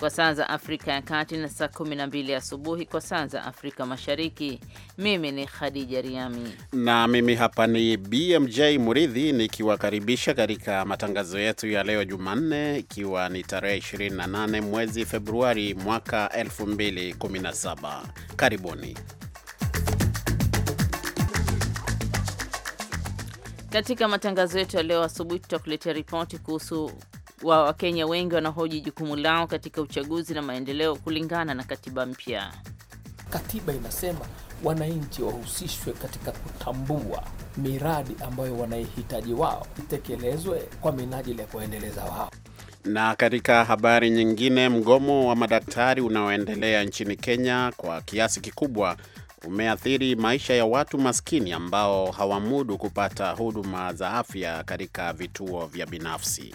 kwa saa za Afrika ya Kati na saa 12 asubuhi kwa saa za Afrika Mashariki. Mimi ni Khadija Riami na mimi hapa ni BMJ Muridhi nikiwakaribisha katika matangazo yetu ya leo Jumanne, ikiwa ni tarehe 28 mwezi Februari mwaka 2017. Karibuni. Katika matangazo yetu ya leo asubuhi tutakuletea ripoti kuhusu wa Wakenya wengi wanahoji jukumu lao katika uchaguzi na maendeleo kulingana na katiba mpya. Katiba inasema wananchi wahusishwe katika kutambua miradi ambayo wanaihitaji wao itekelezwe kwa minajili ya kuendeleza wao. Na katika habari nyingine, mgomo wa madaktari unaoendelea nchini Kenya kwa kiasi kikubwa umeathiri maisha ya watu maskini ambao hawamudu kupata huduma za afya katika vituo vya binafsi.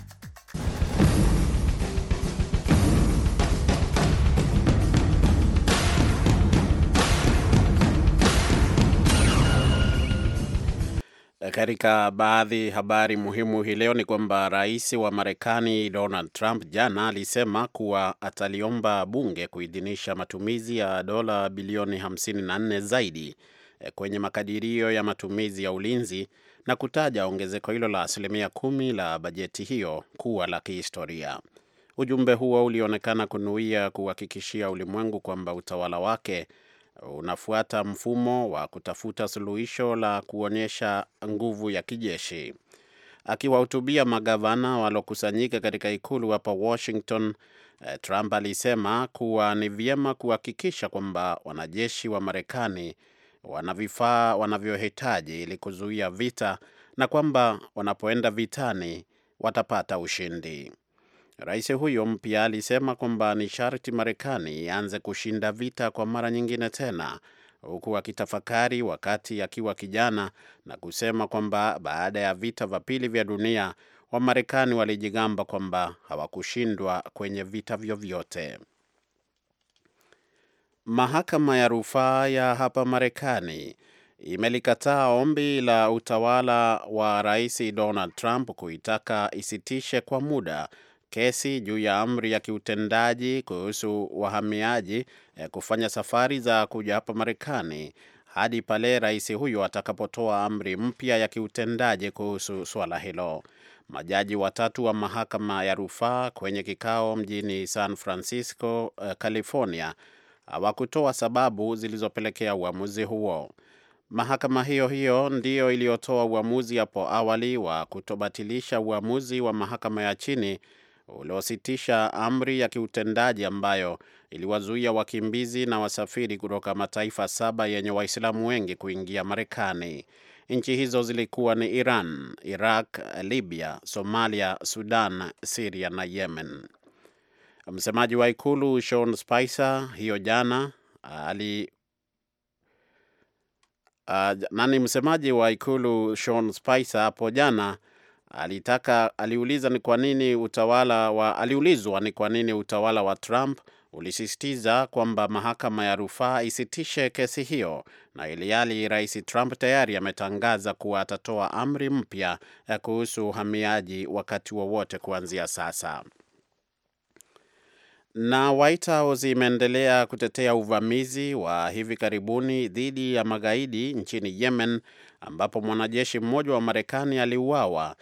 Katika baadhi habari muhimu hii leo ni kwamba rais wa Marekani Donald Trump jana alisema kuwa ataliomba bunge kuidhinisha matumizi ya dola bilioni 54 zaidi eh, kwenye makadirio ya matumizi ya ulinzi na kutaja ongezeko hilo la asilimia kumi la bajeti hiyo kuwa la kihistoria. Ujumbe huo ulionekana kunuia kuhakikishia ulimwengu kwamba utawala wake unafuata mfumo wa kutafuta suluhisho la kuonyesha nguvu ya kijeshi. Akiwahutubia magavana waliokusanyika katika ikulu hapa Washington, eh, Trump alisema kuwa ni vyema kuhakikisha kwamba wanajeshi wa Marekani wana vifaa wanavyohitaji ili kuzuia vita na kwamba wanapoenda vitani watapata ushindi. Rais huyo mpya alisema kwamba ni sharti Marekani ianze kushinda vita kwa mara nyingine tena, huku akitafakari wakati akiwa kijana na kusema kwamba baada ya vita vya pili vya dunia Wamarekani walijigamba kwamba hawakushindwa kwenye vita vyovyote. Mahakama ya rufaa ya hapa Marekani imelikataa ombi la utawala wa Rais Donald Trump kuitaka isitishe kwa muda kesi juu ya amri ya kiutendaji kuhusu wahamiaji eh, kufanya safari za kuja hapa Marekani hadi pale rais huyo atakapotoa amri mpya ya kiutendaji kuhusu swala hilo. Majaji watatu wa mahakama ya rufaa kwenye kikao mjini San Francisco, eh, California, hawakutoa sababu zilizopelekea uamuzi huo. Mahakama hiyo hiyo ndiyo iliyotoa uamuzi hapo awali wa kutobatilisha uamuzi wa mahakama ya chini uliositisha amri ya kiutendaji ambayo iliwazuia wakimbizi na wasafiri kutoka mataifa saba yenye Waislamu wengi kuingia Marekani. Nchi hizo zilikuwa ni Iran, Iraq, Libya, Somalia, Sudan, Siria na Yemen. Msemaji wa ikulu Sean Spicer hiyo jana ali uh, nani msemaji wa ikulu Sean Spicer hapo jana alitaka aliuliza ni kwa nini utawala wa aliulizwa ni kwa nini utawala wa Trump ulisisitiza kwamba mahakama ya rufaa isitishe kesi hiyo, na iliali rais Trump tayari ametangaza kuwa atatoa amri mpya ya eh, kuhusu uhamiaji wakati wowote wa kuanzia sasa. Na White House imeendelea kutetea uvamizi wa hivi karibuni dhidi ya magaidi nchini Yemen, ambapo mwanajeshi mmoja wa Marekani aliuawa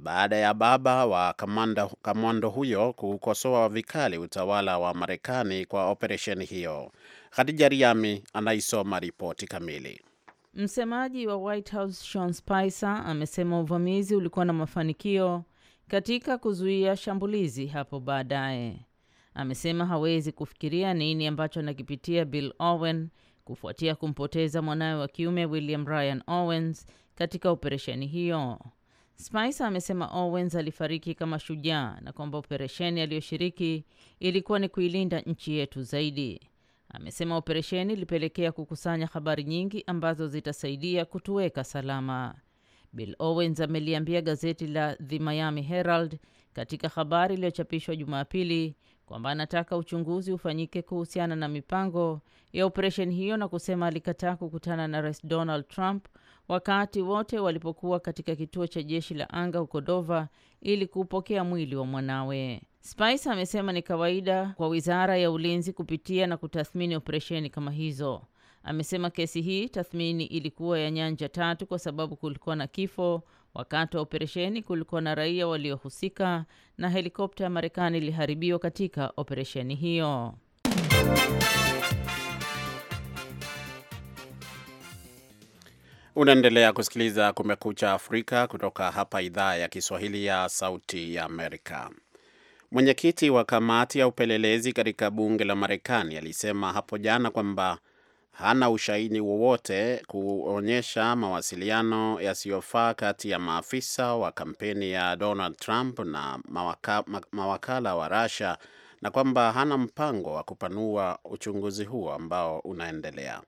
baada ya baba wa kamanda, kamando huyo kukosoa vikali utawala wa Marekani kwa operesheni hiyo. Khadija Riami anaisoma ripoti kamili. Msemaji wa White House Sean Spicer amesema uvamizi ulikuwa na mafanikio katika kuzuia shambulizi hapo baadaye. Amesema hawezi kufikiria nini ambacho anakipitia Bill Owen kufuatia kumpoteza mwanawe wa kiume William Ryan Owens katika operesheni hiyo. Spice amesema Owens alifariki kama shujaa na kwamba operesheni aliyoshiriki ilikuwa ni kuilinda nchi yetu zaidi. Amesema operesheni ilipelekea kukusanya habari nyingi ambazo zitasaidia kutuweka salama. Bill Owens ameliambia gazeti la The Miami Herald katika habari iliyochapishwa Jumapili kwamba anataka uchunguzi ufanyike kuhusiana na mipango ya operesheni hiyo na kusema alikataa kukutana na Rais Donald Trump wakati wote walipokuwa katika kituo cha jeshi la anga huko Dova ili kuupokea mwili wa mwanawe. Spice amesema ni kawaida kwa wizara ya ulinzi kupitia na kutathmini operesheni kama hizo. Amesema kesi hii tathmini ilikuwa ya nyanja tatu, kwa sababu kulikuwa na kifo wakati wa operesheni, kulikuwa na raia waliohusika, na helikopta ya Marekani iliharibiwa katika operesheni hiyo. Unaendelea kusikiliza Kumekucha Afrika kutoka hapa idhaa ya Kiswahili ya Sauti ya Amerika. Mwenyekiti wa kamati ya upelelezi katika bunge la Marekani alisema hapo jana kwamba hana ushahidi wowote kuonyesha mawasiliano yasiyofaa kati ya maafisa wa kampeni ya Donald Trump na mawaka, mawakala wa Russia na kwamba hana mpango wa kupanua uchunguzi huo ambao unaendelea.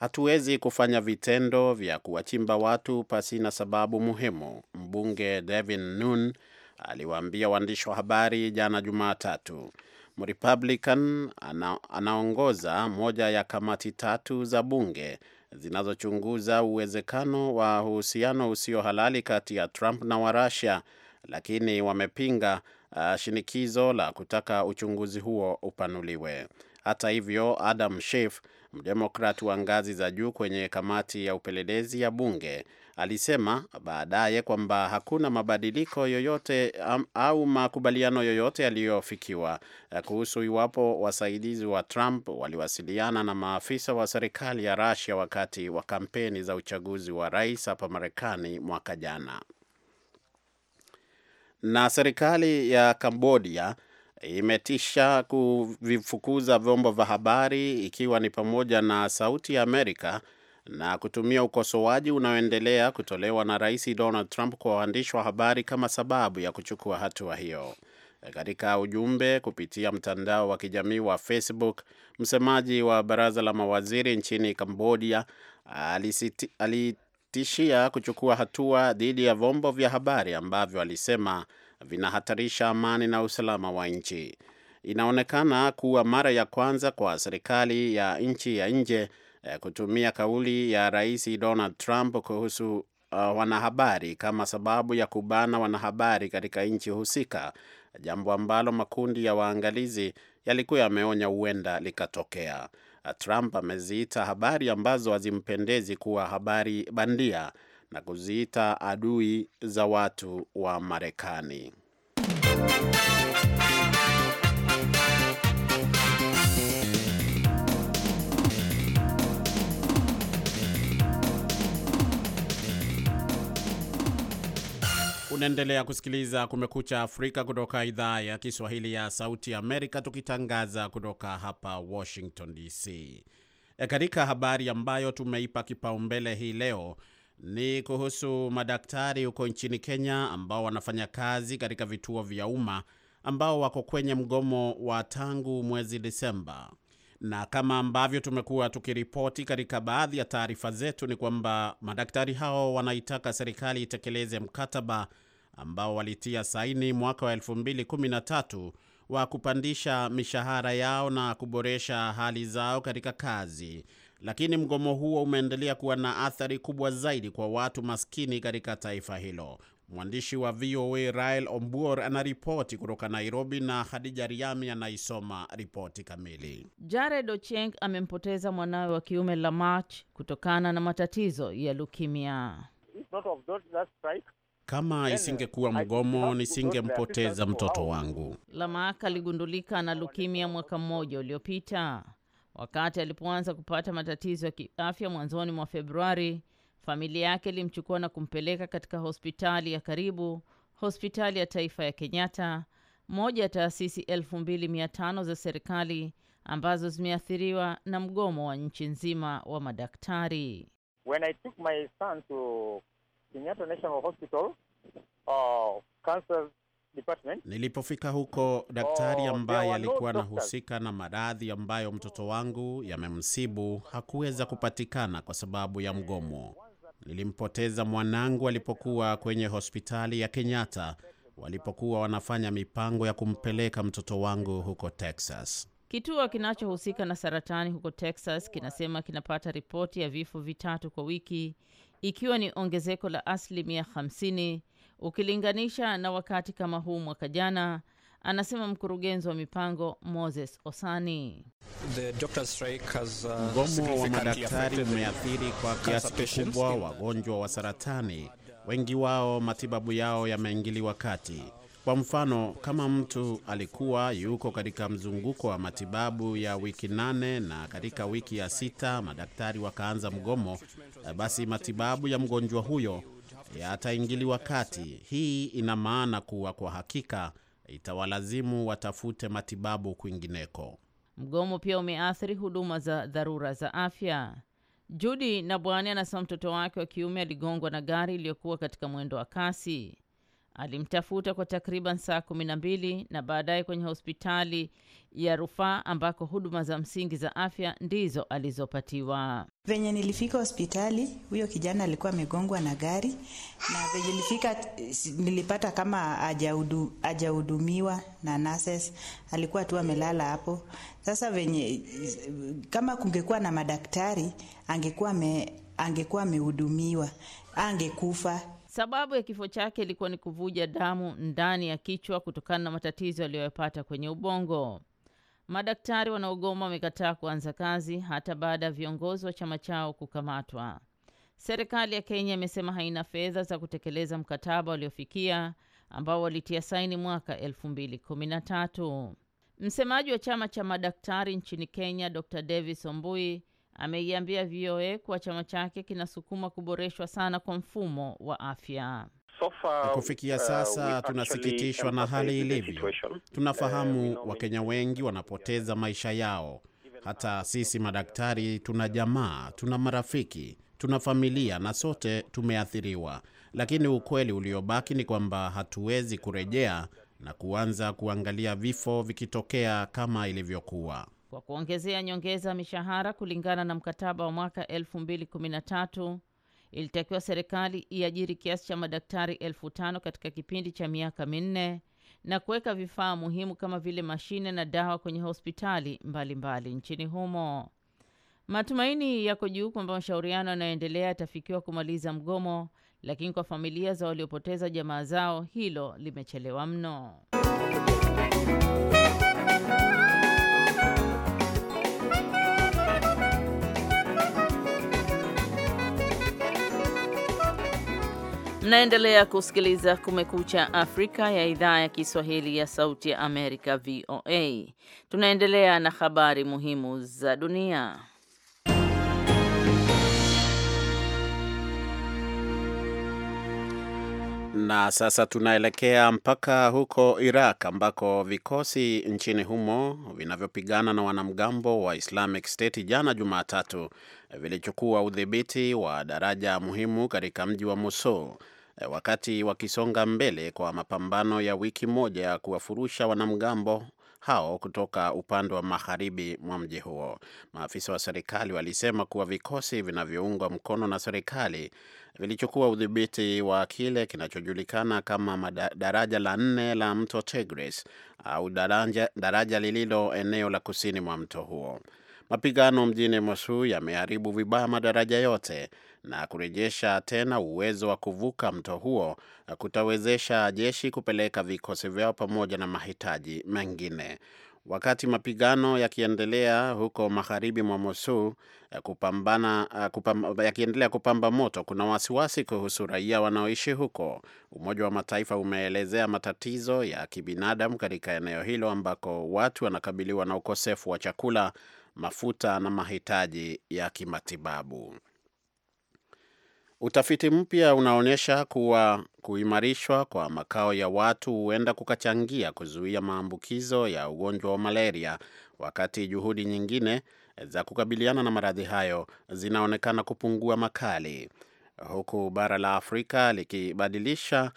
Hatuwezi kufanya vitendo vya kuwachimba watu pasina sababu muhimu, mbunge Devin nun aliwaambia waandishi wa habari jana Jumatatu. Mrepublican ana, anaongoza moja ya kamati tatu za bunge zinazochunguza uwezekano wa uhusiano usio halali kati ya Trump na Warusia, lakini wamepinga uh, shinikizo la kutaka uchunguzi huo upanuliwe. Hata hivyo, Adam Schiff mdemokrat wa ngazi za juu kwenye kamati ya upelelezi ya bunge alisema baadaye kwamba hakuna mabadiliko yoyote au makubaliano yoyote yaliyofikiwa kuhusu iwapo wasaidizi wa Trump waliwasiliana na maafisa wa serikali ya Russia wakati wa kampeni za uchaguzi wa rais hapa Marekani mwaka jana. Na serikali ya Kambodia imetisha kuvifukuza vyombo vya habari ikiwa ni pamoja na Sauti ya Amerika na kutumia ukosoaji unaoendelea kutolewa na Rais Donald Trump kwa waandishi wa habari kama sababu ya kuchukua hatua hiyo. Katika ujumbe kupitia mtandao wa kijamii wa Facebook, msemaji wa baraza la mawaziri nchini Cambodia alitishia kuchukua hatua dhidi ya vyombo vya habari ambavyo alisema vinahatarisha amani na usalama wa nchi. Inaonekana kuwa mara ya kwanza kwa serikali ya nchi ya nje eh, kutumia kauli ya Rais Donald Trump kuhusu uh, wanahabari kama sababu ya kubana wanahabari katika nchi husika, jambo ambalo makundi ya waangalizi yalikuwa yameonya huenda likatokea. Trump ameziita habari ambazo hazimpendezi kuwa habari bandia na kuziita adui za watu wa Marekani. Unaendelea kusikiliza Kumekucha Afrika kutoka idhaa ya Kiswahili ya Sauti Amerika, tukitangaza kutoka hapa Washington DC. E, katika habari ambayo tumeipa kipaumbele hii leo ni kuhusu madaktari huko nchini Kenya ambao wanafanya kazi katika vituo vya umma ambao wako kwenye mgomo wa tangu mwezi Desemba. Na kama ambavyo tumekuwa tukiripoti katika baadhi ya taarifa zetu, ni kwamba madaktari hao wanaitaka serikali itekeleze mkataba ambao walitia saini mwaka wa 2013 wa kupandisha mishahara yao na kuboresha hali zao katika kazi lakini mgomo huo umeendelea kuwa na athari kubwa zaidi kwa watu maskini katika taifa hilo. Mwandishi wa VOA Rael Ombuor anaripoti kutoka Nairobi na Khadija Riami anaisoma ripoti kamili. Jared Ochieng amempoteza mwanawe wa kiume Lamach kutokana na matatizo ya lukimia. Kama uh, isingekuwa mgomo nisingempoteza mtoto wangu. Lamak aligundulika na lukimia mwaka mmoja uliopita. Wakati alipoanza kupata matatizo ya kiafya mwanzoni mwa Februari, familia yake ilimchukua na kumpeleka katika hospitali ya karibu, hospitali ya taifa ya Kenyatta, moja ya taasisi 2500 za serikali ambazo zimeathiriwa na mgomo wa nchi nzima wa madaktari. When I took my son to Kenyatta National Hospital, uh, cancer department. Nilipofika huko, daktari oh, ambaye alikuwa anahusika na maradhi ambayo mtoto wangu yamemsibu hakuweza kupatikana kwa sababu ya mgomo. Nilimpoteza mwanangu alipokuwa kwenye hospitali ya Kenyatta walipokuwa wanafanya mipango ya kumpeleka mtoto wangu huko Texas. Kituo kinachohusika na saratani huko Texas kinasema kinapata ripoti ya vifo vitatu kwa wiki, ikiwa ni ongezeko la asilimia 50 ukilinganisha na wakati kama huu mwaka jana, anasema mkurugenzi wa mipango Moses Osani. Uh, mgomo wa madaktari umeathiri kwa kiasi kikubwa wagonjwa wa saratani. Wengi wao matibabu yao yameingiliwa kati. Kwa mfano, kama mtu alikuwa yuko katika mzunguko wa matibabu ya wiki nane na katika wiki ya sita madaktari wakaanza mgomo, eh, basi matibabu ya mgonjwa huyo yataingiliwa kati. Hii ina maana kuwa kwa hakika itawalazimu watafute matibabu kwingineko. Mgomo pia umeathiri huduma za dharura za afya. Judi na Bwani anasema mtoto wake wa kiume aligongwa na gari iliyokuwa katika mwendo wa kasi. Alimtafuta kwa takriban saa kumi na mbili na baadaye kwenye hospitali ya rufaa ambako huduma za msingi za afya ndizo alizopatiwa. Venye nilifika hospitali, huyo kijana alikuwa amegongwa na gari, na venye nilifika nilipata kama ajahudumiwa na nurses, alikuwa tu amelala hapo. Sasa venye kama kungekuwa na madaktari, angekuwa amehudumiwa, angekufa Sababu ya kifo chake ilikuwa ni kuvuja damu ndani ya kichwa kutokana na matatizo aliyoyapata kwenye ubongo. Madaktari wanaogoma wamekataa kuanza kazi hata baada ya viongozi wa chama chao kukamatwa. Serikali ya Kenya imesema haina fedha za kutekeleza mkataba waliofikia ambao walitia saini mwaka 2013. Msemaji wa chama cha madaktari nchini Kenya, Dr Davis Ombui ameiambia VOA kuwa chama chake kinasukuma kuboreshwa sana kwa mfumo wa afya. So far, kufikia uh, sasa uh, tunasikitishwa na hali ilivyo. Tunafahamu uh, Wakenya wengi wanapoteza maisha yao. Hata sisi madaktari tuna jamaa, tuna marafiki, tuna familia na sote tumeathiriwa, lakini ukweli uliobaki ni kwamba hatuwezi kurejea na kuanza kuangalia vifo vikitokea kama ilivyokuwa kwa kuongezea nyongeza mishahara kulingana na mkataba wa mwaka 2013. Ilitakiwa serikali iajiri kiasi cha madaktari elfu tano katika kipindi cha miaka minne na kuweka vifaa muhimu kama vile mashine na dawa kwenye hospitali mbalimbali mbali nchini humo. Matumaini yako juu kwamba mashauriano yanayoendelea yatafikiwa kumaliza mgomo, lakini kwa familia za waliopoteza jamaa zao hilo limechelewa mno. Mnaendelea kusikiliza Kumekucha Afrika ya idhaa ya Kiswahili ya Sauti ya Amerika, VOA. Tunaendelea na habari muhimu za dunia. Na sasa tunaelekea mpaka huko Iraq ambako vikosi nchini humo vinavyopigana na wanamgambo wa Islamic State jana Jumatatu vilichukua udhibiti wa daraja muhimu katika mji wa Mosul eh, wakati wakisonga mbele kwa mapambano ya wiki moja ya kuwafurusha wanamgambo hao kutoka upande wa magharibi mwa mji huo. Maafisa wa serikali walisema kuwa vikosi vinavyoungwa mkono na serikali vilichukua udhibiti wa kile kinachojulikana kama daraja la nne la mto Tigris au daraja, daraja lililo eneo la kusini mwa mto huo. Mapigano mjini Mosul yameharibu vibaya madaraja yote na kurejesha tena uwezo wa kuvuka mto huo kutawezesha jeshi kupeleka vikosi vyao pamoja na mahitaji mengine. Wakati mapigano yakiendelea huko magharibi mwa Mosul eh, kupambana eh, kupamba, yakiendelea kupamba moto, kuna wasiwasi kuhusu raia wanaoishi huko. Umoja wa Mataifa umeelezea matatizo ya kibinadamu katika eneo hilo ambako watu wanakabiliwa na ukosefu wa chakula, mafuta na mahitaji ya kimatibabu. Utafiti mpya unaonyesha kuwa kuimarishwa kwa makao ya watu huenda kukachangia kuzuia maambukizo ya ugonjwa wa malaria, wakati juhudi nyingine za kukabiliana na maradhi hayo zinaonekana kupungua makali, huku bara la Afrika likibadilisha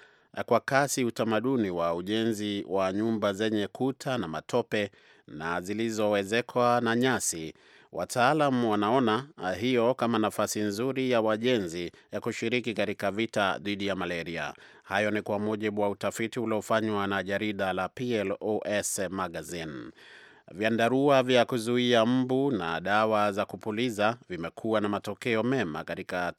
kwa kasi utamaduni wa ujenzi wa nyumba zenye kuta na matope na zilizowezekwa na nyasi Wataalam wanaona ah, hiyo kama nafasi nzuri ya wajenzi ya eh, kushiriki katika vita dhidi ya malaria. Hayo ni kwa mujibu wa utafiti uliofanywa na jarida la PLOS Magazine. Vyandarua vya kuzuia mbu na dawa za kupuliza vimekuwa na matokeo mema katika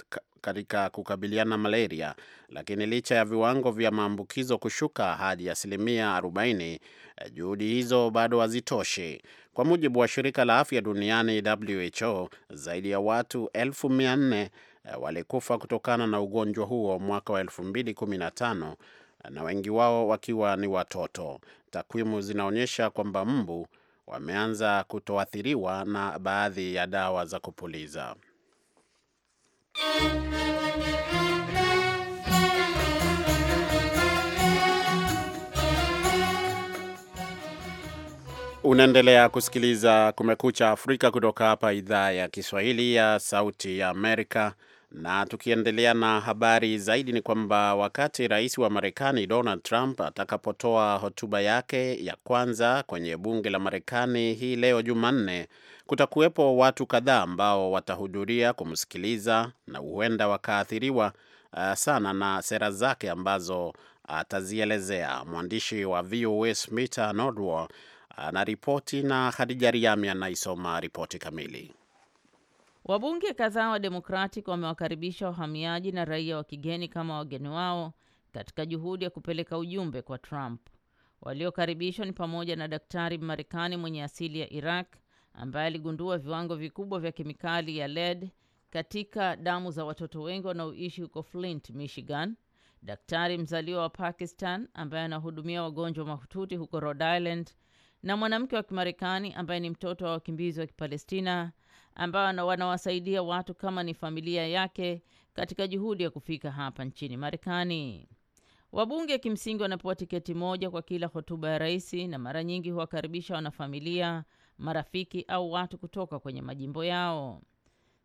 katika kukabiliana na malaria, lakini licha ya viwango vya maambukizo kushuka hadi asilimia 40, eh, juhudi hizo bado hazitoshi. Kwa mujibu wa shirika la afya duniani WHO, zaidi ya watu 4 eh, walikufa kutokana na ugonjwa huo mwaka wa 2015 eh, na wengi wao wakiwa ni watoto. Takwimu zinaonyesha kwamba mbu wameanza kutoathiriwa na baadhi ya dawa za kupuliza. Unaendelea kusikiliza Kumekucha Afrika kutoka hapa idhaa ya Kiswahili ya Sauti ya Amerika. Na tukiendelea na habari zaidi, ni kwamba wakati rais wa Marekani Donald Trump atakapotoa hotuba yake ya kwanza kwenye bunge la Marekani hii leo Jumanne, kutakuwepo watu kadhaa ambao watahudhuria kumsikiliza na huenda wakaathiriwa uh, sana na sera zake ambazo uh, atazielezea. Uh, mwandishi wa VOA Smita Nordwall uh, anaripoti na Khadija Riami anaisoma ripoti kamili. Wabunge kadhaa wa Demokratic wamewakaribisha wahamiaji na raia wa kigeni kama wageni wao katika juhudi ya kupeleka ujumbe kwa Trump. Waliokaribishwa ni pamoja na daktari marekani mwenye asili ya Iraq ambaye aligundua viwango vikubwa vya kemikali ya lead katika damu za watoto wengi wanaoishi huko Flint, Michigan. Daktari mzaliwa wa Pakistan ambaye anahudumia wagonjwa mahututi huko Rhode Island na mwanamke wa Kimarekani ambaye ni mtoto wa wakimbizi wa Kipalestina ambao wanawasaidia watu kama ni familia yake katika juhudi ya kufika hapa nchini Marekani. Wabunge kimsingi wanapewa tiketi moja kwa kila hotuba ya rais, na mara nyingi huwakaribisha wanafamilia marafiki au watu kutoka kwenye majimbo yao.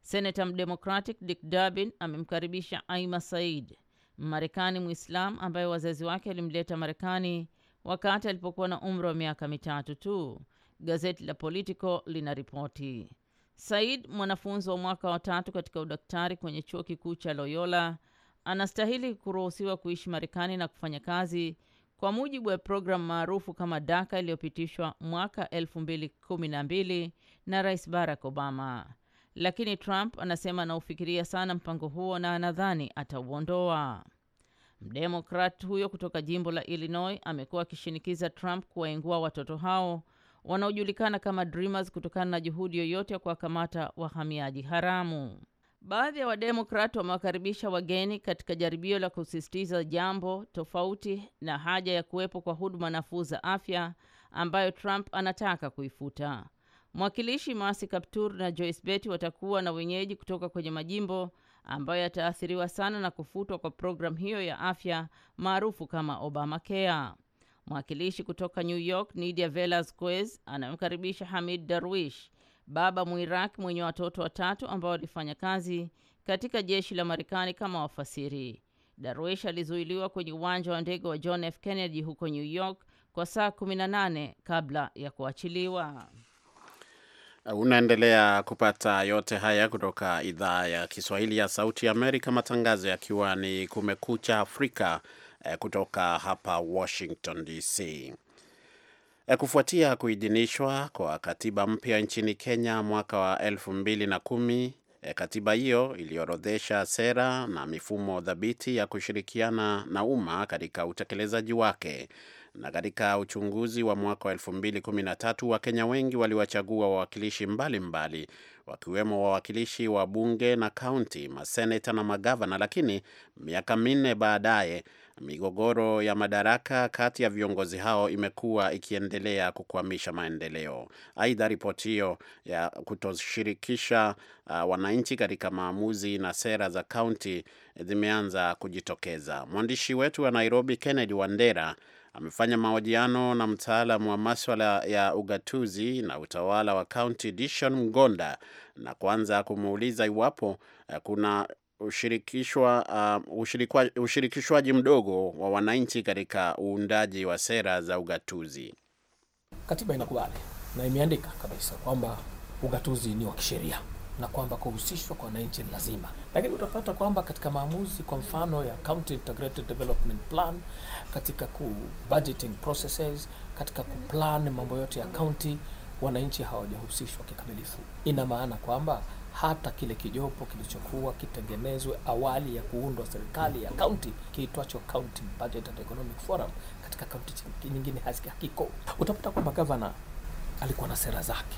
Senata Mdemocratic Dick Durbin amemkaribisha Aima Said, Mmarekani Mwislamu ambaye wazazi wake alimleta Marekani wakati alipokuwa na umri wa miaka mitatu tu, gazeti la Politico lina ripoti Said, mwanafunzi wa mwaka wa tatu katika udaktari kwenye chuo kikuu cha Loyola, anastahili kuruhusiwa kuishi Marekani na kufanya kazi kwa mujibu wa programu maarufu kama Daka iliyopitishwa mwaka 2012 na Rais Barack Obama, lakini Trump anasema anaufikiria sana mpango huo na anadhani atauondoa. Mdemokrat huyo kutoka jimbo la Illinois amekuwa akishinikiza Trump kuwaingua watoto hao wanaojulikana kama Dreamers kutokana na juhudi yoyote ya kuwakamata wahamiaji haramu. Baadhi ya Wademokrat wamewakaribisha wageni katika jaribio la kusisitiza jambo tofauti na haja ya kuwepo kwa huduma nafuu za afya ambayo Trump anataka kuifuta. Mwakilishi Masi Kaptur na Joyce Beti watakuwa na wenyeji kutoka kwenye majimbo ambayo yataathiriwa sana na kufutwa kwa programu hiyo ya afya maarufu kama Obamacare. Mwakilishi kutoka New York Nidia Velasquez anamkaribisha Hamid Darwish baba Muiraq mwenye watoto watatu ambao walifanya kazi katika jeshi la Marekani kama wafasiri. Darwish alizuiliwa kwenye uwanja wa ndege wa John F. Kennedy huko New York kwa saa 18 kabla ya kuachiliwa. Unaendelea kupata yote haya kutoka idhaa ya Kiswahili ya Sauti ya Amerika, matangazo yakiwa ni Kumekucha Afrika eh, kutoka hapa Washington DC. Kufuatia kuidhinishwa kwa katiba mpya nchini Kenya mwaka wa elfu mbili na kumi, eh, katiba hiyo iliorodhesha sera na mifumo dhabiti ya kushirikiana na umma katika utekelezaji wake. Na katika uchunguzi wa mwaka wa 2013 Wakenya wengi waliwachagua wawakilishi mbalimbali wakiwemo wawakilishi wa bunge na kaunti, maseneta na magavana, lakini miaka minne baadaye migogoro ya madaraka kati ya viongozi hao imekuwa ikiendelea kukwamisha maendeleo. Aidha, ripoti hiyo ya kutoshirikisha uh, wananchi katika maamuzi na sera za kaunti zimeanza kujitokeza. Mwandishi wetu wa Nairobi, Kennedy Wandera, amefanya mahojiano na mtaalamu wa maswala ya ugatuzi na utawala wa kaunti Dishon Mgonda na kuanza kumuuliza iwapo uh, kuna ushirikishwa uh, ushirikishwaji mdogo wa wananchi katika uundaji wa sera za ugatuzi. Katiba inakubali na imeandika kabisa kwamba ugatuzi ni wa kisheria na kwamba kuhusishwa kwa wananchi ni lazima, lakini utapata kwamba katika maamuzi, kwa mfano ya County Integrated Development Plan, katika ku budgeting processes, katika kuplan mambo yote ya county, wananchi hawajahusishwa kikamilifu. Ina maana kwamba hata kile kijopo kilichokuwa kitengenezwe awali ya kuundwa serikali ya kaunti kiitwacho County Budget and Economic Forum katika kaunti nyingine hakiko. Utapata kwamba gavana alikuwa na sera zake,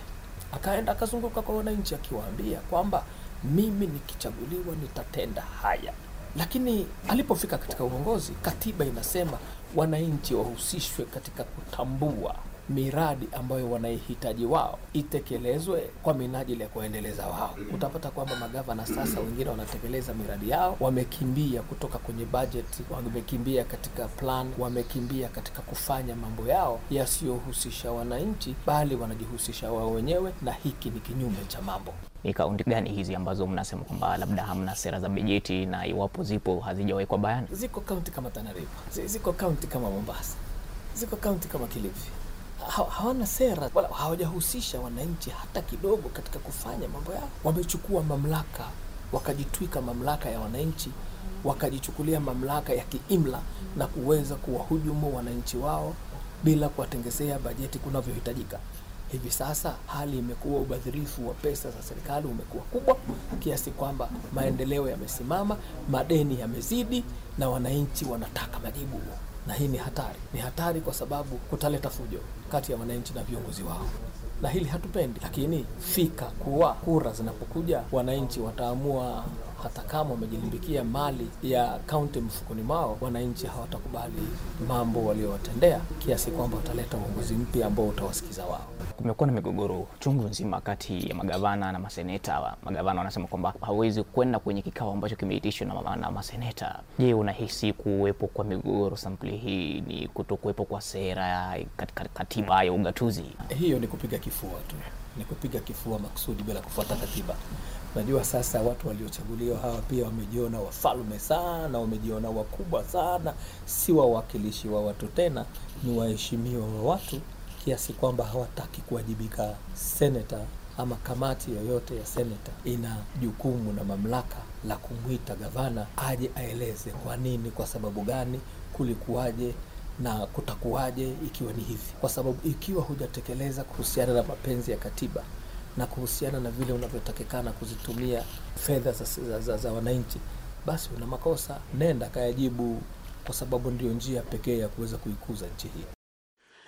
akaenda akazunguka kwa wananchi akiwaambia kwamba mimi nikichaguliwa nitatenda haya, lakini alipofika katika uongozi, katiba inasema wananchi wahusishwe katika kutambua miradi ambayo wanaihitaji wao itekelezwe kwa minajili ya kuwaendeleza wao. Utapata kwamba magavana sasa wengine wanatekeleza miradi yao, wamekimbia kutoka kwenye bajeti, wamekimbia katika plan, wamekimbia katika kufanya mambo yao yasiyohusisha wananchi, bali wanajihusisha wao wenyewe, na hiki ni kinyume cha mambo. Ni kaunti gani hizi ambazo mnasema kwamba labda hamna sera za bajeti, na iwapo zipo hazijawekwa bayana? Ziko kaunti kama Tana River, ziko kaunti kama Mombasa, ziko kaunti kama Kilifi hawana sera wala hawajahusisha wananchi hata kidogo katika kufanya mambo yao. Wamechukua mamlaka wakajitwika mamlaka ya wananchi wakajichukulia mamlaka ya kiimla na kuweza kuwahujumu wananchi wao bila kuwatengezea bajeti kunavyohitajika. Hivi sasa hali imekuwa, ubadhirifu wa pesa za serikali umekuwa kubwa kiasi kwamba maendeleo yamesimama, madeni yamezidi, na wananchi wanataka majibu na hii ni hatari, ni hatari kwa sababu kutaleta fujo kati ya wananchi na viongozi wao, na hili hatupendi. Lakini fika kuwa kura zinapokuja, wananchi wataamua hata kama wamejilimbikia mali ya kaunti mfukoni mwao, wananchi hawatakubali mambo waliowatendea, kiasi kwamba wataleta uongozi mpya ambao utawasikiza wao. Kumekuwa na migogoro chungu nzima kati ya magavana na maseneta Magavana wanasema kwamba hawezi kwenda kwenye kikao ambacho kimeitishwa na, na maseneta. Je, unahisi kuwepo kwa migogoro sampuli hii ni kutokuwepo kwa sera kat, katiba ya ugatuzi? Hiyo ni kupiga kifua tu, ni kupiga kifua makusudi bila kufuata katiba. Najua sasa watu waliochaguliwa hawa pia wamejiona wafalme sana, wamejiona wakubwa sana, si wawakilishi wa watu tena, ni waheshimiwa wa watu, kiasi kwamba hawataki kuwajibika. Seneta ama kamati yoyote ya seneta ina jukumu na mamlaka la kumwita gavana aje aeleze kwa nini, kwa sababu gani, kulikuwaje na kutakuwaje ikiwa ni hivi, kwa sababu ikiwa hujatekeleza kuhusiana na mapenzi ya katiba na kuhusiana na vile unavyotakikana kuzitumia fedha za, za, za, za wananchi, basi una makosa, nenda kayajibu, kwa sababu ndiyo njia pekee ya kuweza kuikuza nchi hii.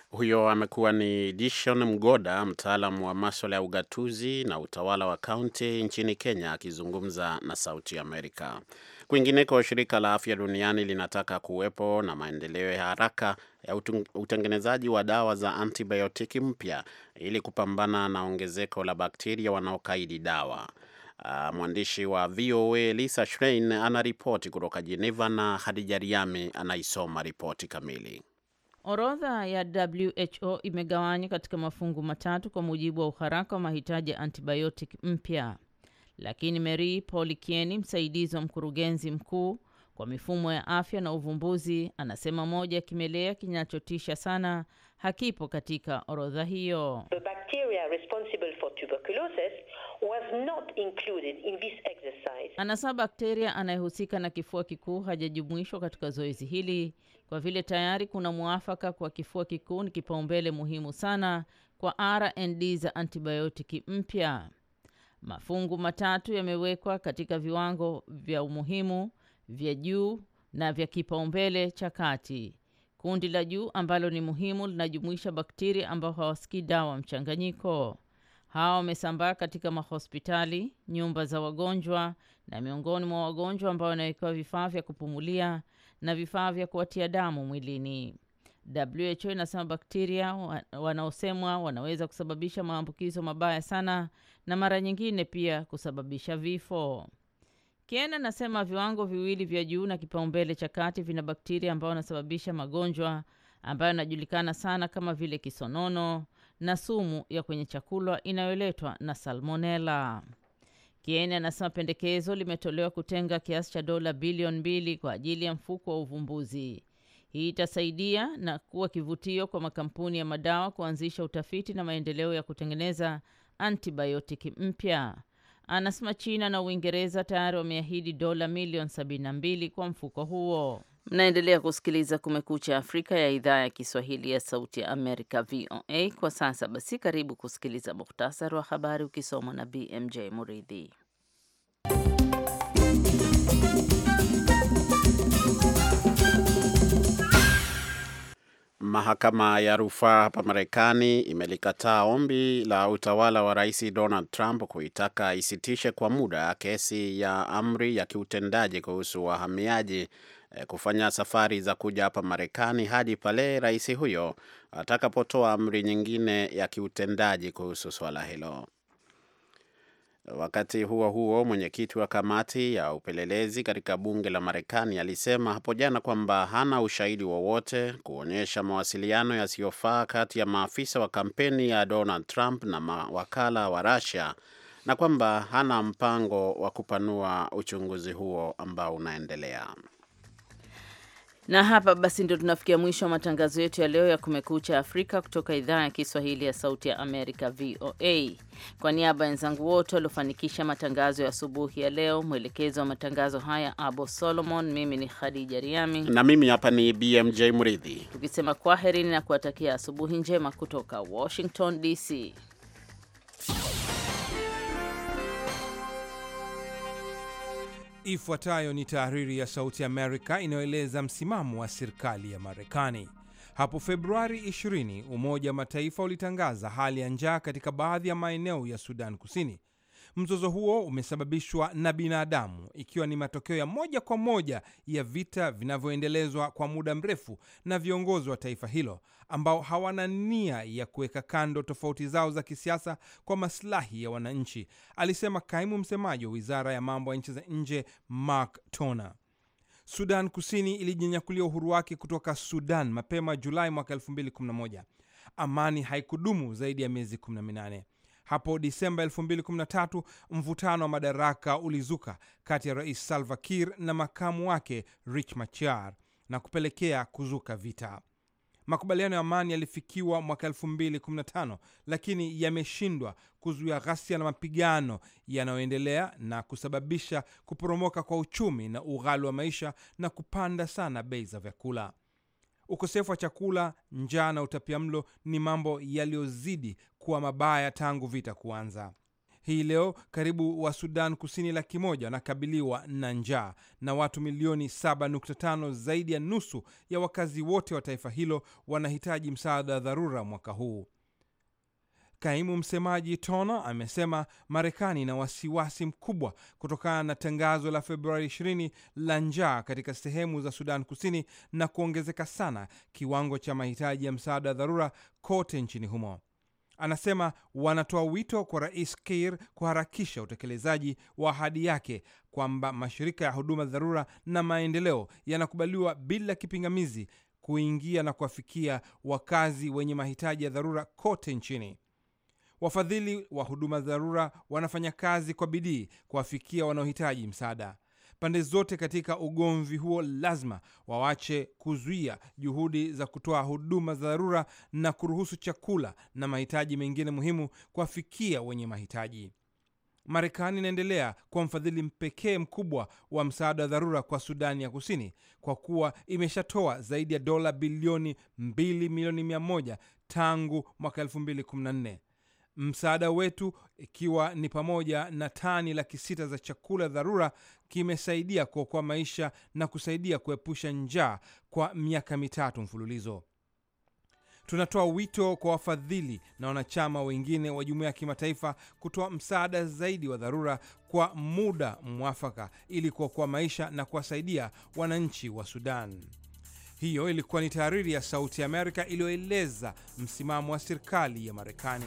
Huyo amekuwa ni Dishon Mgoda, mtaalamu wa maswala ya ugatuzi na utawala wa kaunti nchini Kenya, akizungumza na Sauti Amerika. Kwingineko, shirika la afya duniani linataka kuwepo na maendeleo ya haraka ya utengenezaji wa dawa za antibiotiki mpya ili kupambana na ongezeko la bakteria wanaokaidi dawa. Uh, mwandishi wa VOA Lisa Schrein anaripoti kutoka Geneva na Hadija Riami anaisoma ripoti kamili. Orodha ya WHO imegawanywa katika mafungu matatu kwa mujibu wa uharaka wa mahitaji ya antibiotic mpya, lakini Mary kieni msaidizi wa mkurugenzi mkuu kwa mifumo ya afya na uvumbuzi. Anasema moja ya kimelea kinachotisha sana hakipo katika orodha hiyo. The bacteria responsible for tuberculosis was not included in this exercise. Anasema bakteria anayehusika na kifua kikuu hajajumuishwa katika zoezi hili kwa vile tayari kuna mwafaka kwa kifua kikuu ni kipaumbele muhimu sana kwa RND za antibiotiki mpya. Mafungu matatu yamewekwa katika viwango vya umuhimu vya juu na vya kipaumbele cha kati. Kundi la juu ambalo ni muhimu linajumuisha bakteria ambao hawasikii dawa mchanganyiko. Hawa wamesambaa katika mahospitali, nyumba za wagonjwa na miongoni mwa wagonjwa ambao wanawekewa vifaa vya kupumulia na vifaa vya kuwatia damu mwilini. WHO inasema bakteria wanaosemwa wanaweza kusababisha maambukizo mabaya sana na mara nyingine pia kusababisha vifo. Matiang'i anasema viwango viwili vya juu na kipaumbele cha kati vina bakteria ambao wanasababisha magonjwa ambayo yanajulikana sana kama vile kisonono na sumu ya kwenye chakula inayoletwa na salmonella. Kieni anasema pendekezo limetolewa kutenga kiasi cha dola bilioni mbili kwa ajili ya mfuko wa uvumbuzi. Hii itasaidia na kuwa kivutio kwa makampuni ya madawa kuanzisha utafiti na maendeleo ya kutengeneza antibiotiki mpya. Anasema China na Uingereza tayari wameahidi dola milioni 72 kwa mfuko huo. Mnaendelea kusikiliza Kumekucha Afrika ya idhaa ya Kiswahili ya Sauti ya Amerika, VOA. Kwa sasa basi, karibu kusikiliza muhtasari wa habari ukisomwa na BMJ Muridhi. Mahakama ya rufaa hapa Marekani imelikataa ombi la utawala wa Rais Donald Trump kuitaka isitishe kwa muda kesi ya amri ya kiutendaji kuhusu wahamiaji eh, kufanya safari za kuja hapa Marekani hadi pale rais huyo atakapotoa amri nyingine ya kiutendaji kuhusu swala hilo. Wakati huo huo, mwenyekiti wa kamati ya upelelezi katika bunge la Marekani alisema hapo jana kwamba hana ushahidi wowote kuonyesha mawasiliano yasiyofaa kati ya maafisa wa kampeni ya Donald Trump na mawakala wa Russia na kwamba hana mpango wa kupanua uchunguzi huo ambao unaendelea. Na hapa basi ndio tunafikia mwisho wa matangazo yetu ya leo ya Kumekucha Afrika kutoka idhaa ya Kiswahili ya Sauti ya Amerika, VOA. Kwa niaba ya wenzangu wote waliofanikisha matangazo ya asubuhi ya leo, mwelekezo wa matangazo haya Abo Solomon, mimi ni Khadija Riami na mimi hapa ni BMJ Mridhi, tukisema kwaherini na kuwatakia asubuhi njema kutoka Washington DC. Ifuatayo ni tahariri ya Sauti Amerika inayoeleza msimamo wa serikali ya Marekani. Hapo Februari 20 Umoja wa Mataifa ulitangaza hali ya njaa katika baadhi ya maeneo ya Sudan Kusini Mzozo huo umesababishwa na binadamu, ikiwa ni matokeo ya moja kwa moja ya vita vinavyoendelezwa kwa muda mrefu na viongozi wa taifa hilo ambao hawana nia ya kuweka kando tofauti zao za kisiasa kwa maslahi ya wananchi, alisema kaimu msemaji wa wizara ya mambo ya nchi za nje Mark Toner. Sudan Kusini ilijinyakulia uhuru wake kutoka Sudan mapema Julai mwaka 2011. Amani haikudumu zaidi ya miezi 18. Hapo Disemba 2013 mvutano wa madaraka ulizuka kati ya Rais Salva Kiir na makamu wake Riek Machar na kupelekea kuzuka vita. Makubaliano ya amani yalifikiwa mwaka 2015 lakini yameshindwa kuzuia ghasia na mapigano yanayoendelea na kusababisha kuporomoka kwa uchumi na ughali wa maisha na kupanda sana bei za vyakula. Ukosefu wa chakula, njaa na utapiamlo ni mambo yaliyozidi kuwa mabaya tangu vita kuanza. Hii leo karibu wa Sudan Kusini laki moja wanakabiliwa na njaa na watu milioni 7.5, zaidi ya nusu ya wakazi wote wa taifa hilo wanahitaji msaada wa dharura mwaka huu. Kaimu msemaji Tona amesema Marekani ina wasiwasi mkubwa kutokana na tangazo la Februari 20 la njaa katika sehemu za Sudan Kusini na kuongezeka sana kiwango cha mahitaji ya msaada wa dharura kote nchini humo. Anasema wanatoa wito kwa Rais Kiir kuharakisha utekelezaji wa ahadi yake kwamba mashirika ya huduma dharura na maendeleo yanakubaliwa bila kipingamizi kuingia na kuwafikia wakazi wenye mahitaji ya dharura kote nchini. Wafadhili wa huduma dharura wanafanya kazi kwa bidii kuwafikia wanaohitaji msaada. Pande zote katika ugomvi huo lazima wawache kuzuia juhudi za kutoa huduma za dharura na kuruhusu chakula na mahitaji mengine muhimu kuwafikia wenye mahitaji. Marekani inaendelea kuwa mfadhili pekee mkubwa wa msaada wa dharura kwa Sudani ya Kusini kwa kuwa imeshatoa zaidi ya dola bilioni 2 milioni 100 tangu mwaka 2014. Msaada wetu ikiwa ni pamoja na tani laki sita za chakula dharura kimesaidia kuokoa maisha na kusaidia kuepusha njaa kwa miaka mitatu mfululizo. Tunatoa wito kwa wafadhili na wanachama wengine wa jumuiya ya kimataifa kutoa msaada zaidi wa dharura kwa muda mwafaka ili kuokoa maisha na kuwasaidia wananchi wa Sudan. Hiyo ilikuwa ni tahariri ya Sauti ya Amerika iliyoeleza msimamo wa serikali ya Marekani.